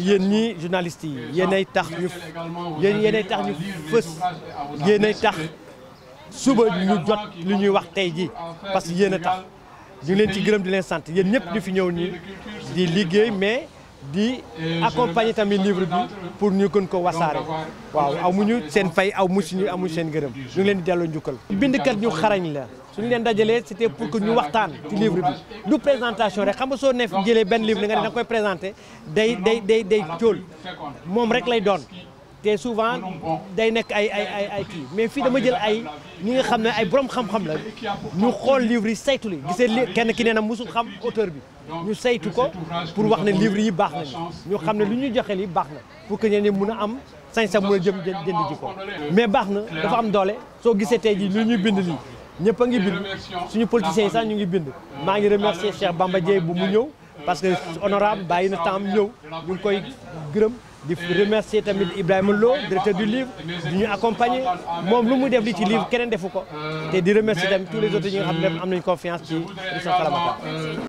yéen ñi journalistes yi yéenay tax ñu yéen yéenay tax ñu fës ay tax suba ñu jot li ñuy wax tey ji parce que yéen a tax ñu leen ci gërëm di leen sant yéen ñëpp ñu fi ñëw nii di liggéey mais di accompagner tamit livre bi pour ñu gën ko wasaare waaw amuñu seen fay aw musuñu amuñu seen gërëm ñu leen di delloo njukkal bindkat ñu xarañ la su ñu leen dajalee c'était pour que ñu waxtaan ci livre bi du présentation rek xam nga soo neef jëlee benn livre nga ne da koy présenté day day day day cóol moom rek lay doon te souvent day nekk ay ay ay ay kii mais fii dama jël ay ñi nga xam ne ay borom xam-xam la ñu xool livre yi saytu gise kenn ki nee na musul xam auteur bi ñu saytu ko pour wax ne livre yi baax nañu ñu xam ne lu ñu joxee li baax na pour que ñeneen ñi mun a am sañ sa mun a jëm jënd ji ko mais baax na dafa am doole soo gisee tey ji lu ñuy bind lii ñëpp a ngi bind suñu politiciens yi sax ñu ngi bind euh, maa ngi remercier Cheikh Bamba Dièye bu mu ñëw parce que honorable bàyyi na temps ñëw ñu koy gërëm di remercier tamit Ibrahima Lo directeur du livre di ñu accompagner moom lu mu def li ci livre keneen defu ko euh, te di remercier tamit tous les euh, autres yi nga xam ne am nañu confiance ci Moussa Salamata